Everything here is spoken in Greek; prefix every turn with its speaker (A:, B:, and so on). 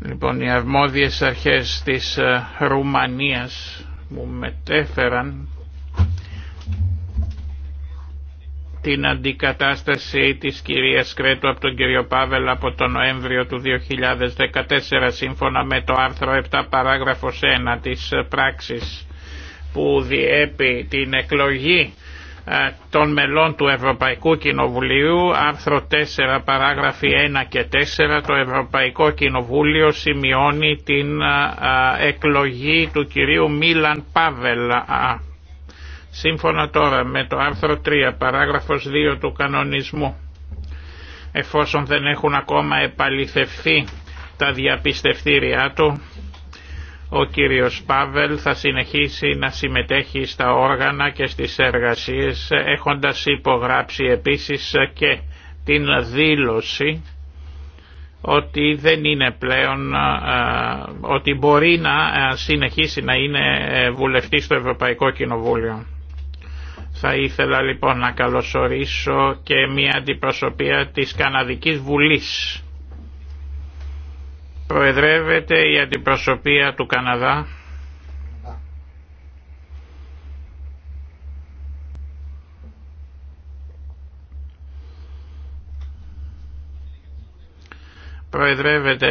A: Λοιπόν, οι αρμόδιες αρχές της ε, Ρουμανίας μου μετέφεραν την αντικατάσταση της κυρίας Κρέτου από τον κύριο Πάβελ από τον Νοέμβριο του 2014 σύμφωνα με το άρθρο 7 παράγραφος 1 της πράξης που διέπει την εκλογή ε, των μελών του Ευρωπαϊκού Κοινοβουλίου, άρθρο 4 παράγραφη 1 και 4, το Ευρωπαϊκό Κοινοβούλιο σημειώνει την ε, ε, εκλογή του κυρίου Μίλαν Πάβελ. Σύμφωνα τώρα με το άρθρο 3 παράγραφος 2 του κανονισμού, εφόσον δεν έχουν ακόμα επαληθευθεί τα διαπιστευτήριά του, ο κύριος Πάβελ θα συνεχίσει να συμμετέχει στα όργανα και στις εργασίες έχοντας υπογράψει επίσης και την δήλωση ότι δεν είναι πλέον, ότι μπορεί να συνεχίσει να είναι ε, βουλευτής στο Ευρωπαϊκό Κοινοβούλιο. Θα ήθελα λοιπόν να καλωσορίσω και μια αντιπροσωπεία της Καναδικής Βουλής Προεδρεύεται η αντιπροσωπεία του Καναδά. Προεδρεύεται